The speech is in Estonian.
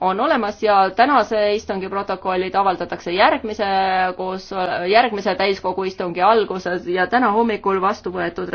on olemas ja tänase istungi protokollid avaldatakse järgmise koos, järgmise täiskogu istungi alguses ja täna hommikul vastu võetud